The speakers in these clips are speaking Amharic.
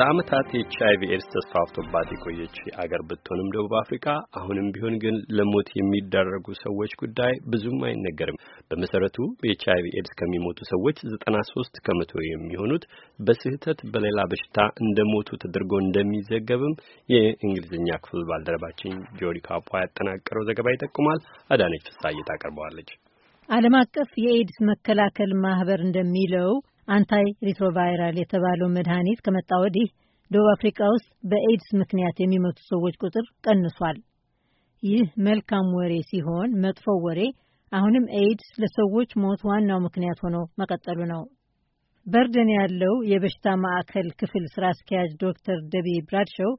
ለዓመታት ኤች አይቪ ኤድስ ተስፋፍቶባት የቆየች አገር ብትሆንም ደቡብ አፍሪካ አሁንም ቢሆን ግን ለሞት የሚዳረጉ ሰዎች ጉዳይ ብዙም አይነገርም። በመሰረቱ በኤች አይቪ ኤድስ ከሚሞቱ ሰዎች ዘጠና ሶስት ከመቶ የሚሆኑት በስህተት በሌላ በሽታ እንደሞቱ ተደርጎ እንደሚዘገብም የእንግሊዝኛ ክፍል ባልደረባችን ጆሪ ካፖ ያጠናቀረው ዘገባ ይጠቁማል። አዳነች ፍሳዬ ታቀርበዋለች። ዓለም አቀፍ የኤድስ መከላከል ማህበር እንደሚለው አንታይ ሪትሮቫይራል የተባለው መድኃኒት ከመጣ ወዲህ ደቡብ አፍሪካ ውስጥ በኤድስ ምክንያት የሚሞቱ ሰዎች ቁጥር ቀንሷል። ይህ መልካም ወሬ ሲሆን፣ መጥፎው ወሬ አሁንም ኤድስ ለሰዎች ሞት ዋናው ምክንያት ሆኖ መቀጠሉ ነው። በርደን ያለው የበሽታ ማዕከል ክፍል ስራ አስኪያጅ ዶክተር ደቢ ብራድሾው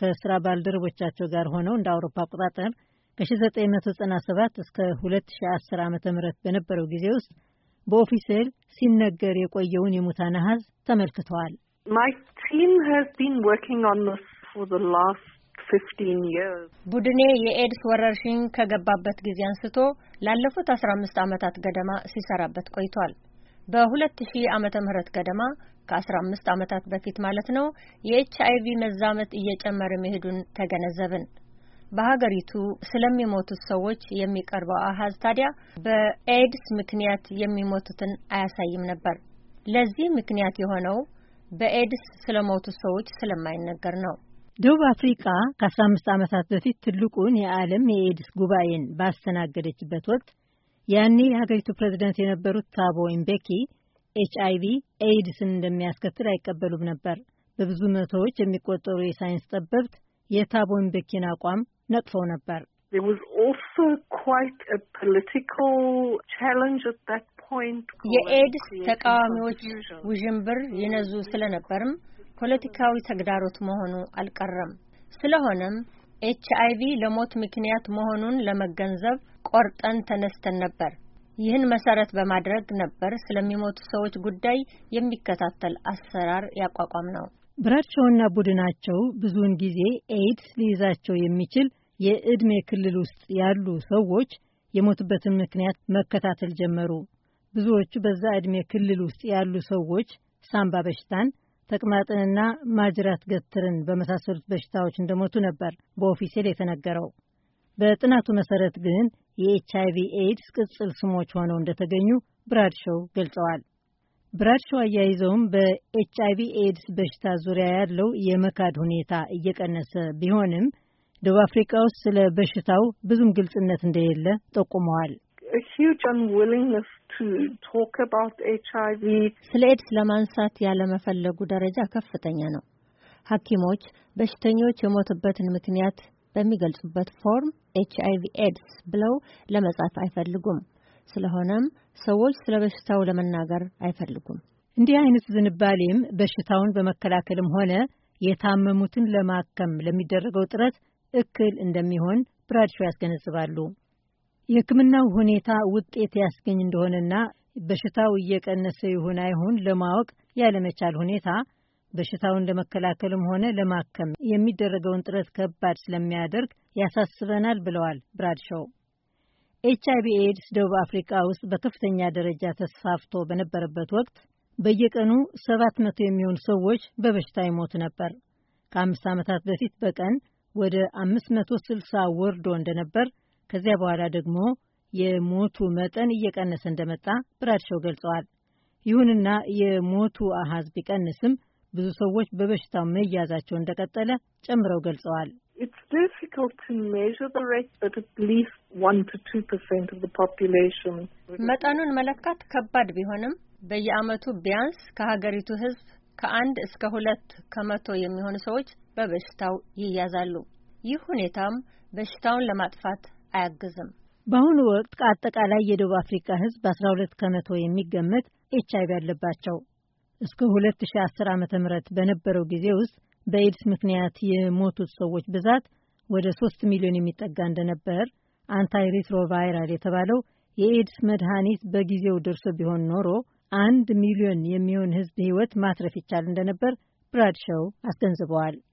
ከስራ ባልደረቦቻቸው ጋር ሆነው እንደ አውሮፓ አቆጣጠር ከ1997 እስከ 2010 ዓ ም በነበረው ጊዜ ውስጥ በኦፊሴል ሲነገር የቆየውን የሙታን አሃዝ ተመልክተዋል። ቡድኔ የኤድስ ወረርሽኝ ከገባበት ጊዜ አንስቶ ላለፉት አስራ አምስት ዓመታት ገደማ ሲሰራበት ቆይቷል። በሁለት ሺህ ዓመተ ምህረት ገደማ ከአስራ አምስት ዓመታት በፊት ማለት ነው የኤች አይቪ መዛመት እየጨመረ መሄዱን ተገነዘብን። በሀገሪቱ ስለሚሞቱት ሰዎች የሚቀርበው አሀዝ ታዲያ በኤድስ ምክንያት የሚሞቱትን አያሳይም ነበር። ለዚህ ምክንያት የሆነው በኤድስ ስለሞቱት ሰዎች ስለማይነገር ነው። ደቡብ አፍሪካ ከ15 ዓመታት በፊት ትልቁን የዓለም የኤድስ ጉባኤን ባስተናገደችበት ወቅት ያኔ የሀገሪቱ ፕሬዚደንት የነበሩት ታቦ ኢምቤኪ ኤች ቪ ኤድስን እንደሚያስከትል አይቀበሉም ነበር። በብዙ መቶዎች የሚቆጠሩ የሳይንስ ጠበብት የታቦ ኢምቤኪን አቋም ነቅፈው ነበር። የኤድስ ተቃዋሚዎች ውዥንብር ይነዙ ስለነበርም ፖለቲካዊ ተግዳሮት መሆኑ አልቀረም። ስለሆነም ኤች አይቪ ለሞት ምክንያት መሆኑን ለመገንዘብ ቆርጠን ተነስተን ነበር። ይህን መሰረት በማድረግ ነበር ስለሚሞቱ ሰዎች ጉዳይ የሚከታተል አሰራር ያቋቋም ነው። ብራቸውና ቡድናቸው ብዙውን ጊዜ ኤድስ ሊይዛቸው የሚችል የዕድሜ ክልል ውስጥ ያሉ ሰዎች የሞትበትን ምክንያት መከታተል ጀመሩ። ብዙዎቹ በዛ ዕድሜ ክልል ውስጥ ያሉ ሰዎች ሳምባ በሽታን፣ ተቅማጥንና ማጅራት ገትርን በመሳሰሉት በሽታዎች እንደሞቱ ነበር በኦፊሴል የተነገረው። በጥናቱ መሰረት ግን የኤች አይቪ ኤድስ ቅጽል ስሞች ሆነው እንደተገኙ ብራድሾው ገልጸዋል። ብራድሸዋ አያይዘውም በኤች አይቪ ኤድስ በሽታ ዙሪያ ያለው የመካድ ሁኔታ እየቀነሰ ቢሆንም ደቡብ አፍሪካ ውስጥ ስለ በሽታው ብዙም ግልጽነት እንደሌለ ጠቁመዋል። ስለ ኤድስ ለማንሳት ያለመፈለጉ ደረጃ ከፍተኛ ነው። ሐኪሞች በሽተኞች የሞትበትን ምክንያት በሚገልጹበት ፎርም ኤች ኤድስ ብለው ለመጻፍ አይፈልጉም። ስለሆነም ሰዎች ስለ በሽታው ለመናገር አይፈልጉም። እንዲህ አይነት ዝንባሌም በሽታውን በመከላከልም ሆነ የታመሙትን ለማከም ለሚደረገው ጥረት እክል እንደሚሆን ብራድሾ ያስገነዝባሉ። የሕክምናው ሁኔታ ውጤት ያስገኝ እንደሆነና በሽታው እየቀነሰ ይሁን አይሁን ለማወቅ ያለመቻል ሁኔታ በሽታውን ለመከላከልም ሆነ ለማከም የሚደረገውን ጥረት ከባድ ስለሚያደርግ ያሳስበናል ብለዋል ብራድሾው። ኤች አይቪ ኤድስ ደቡብ አፍሪካ ውስጥ በከፍተኛ ደረጃ ተስፋፍቶ በነበረበት ወቅት በየቀኑ መቶ የሚሆኑ ሰዎች በበሽታ ይሞቱ ነበር። ከአምስት ዓመታት በፊት በቀን ወደ ስልሳ ወርዶ እንደነበር፣ ከዚያ በኋላ ደግሞ የሞቱ መጠን እየቀነሰ እንደመጣ ብራድሸው ገልጸዋል። ይሁንና የሞቱ አሃዝ ቢቀንስም ብዙ ሰዎች በበሽታው መያዛቸው እንደቀጠለ ጨምረው ገልጸዋል። It's difficult to measure the rate, but at least 1 to 2 percent of the population. መጠኑን መለካት ከባድ ቢሆንም በየዓመቱ ቢያንስ ከሀገሪቱ ሕዝብ ከአንድ እስከ ሁለት ከመቶ የሚሆኑ ሰዎች በበሽታው ይያዛሉ። ይህ ሁኔታም በሽታውን ለማጥፋት አያግዝም። በአሁኑ ወቅት ከአጠቃላይ የደቡብ አፍሪካ ሕዝብ በ12 ከመቶ የሚገመት ኤች አይቪ አለባቸው። እስከ 2010 ዓ.ም በነበረው ጊዜ ውስጥ በኤድስ ምክንያት የሞቱት ሰዎች ብዛት ወደ ሶስት ሚሊዮን የሚጠጋ እንደነበር አንታይ ሪትሮቫይራል የተባለው የኤድስ መድኃኒት በጊዜው ደርሶ ቢሆን ኖሮ አንድ ሚሊዮን የሚሆን ሕዝብ ሕይወት ማትረፍ ይቻል እንደነበር ብራድሸው አስገንዝበዋል።